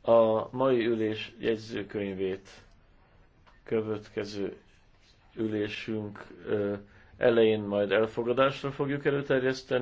a mai ülés jegyzőkönyvét következő ülésünk elején majd elfogadásra fogjuk előterjeszteni.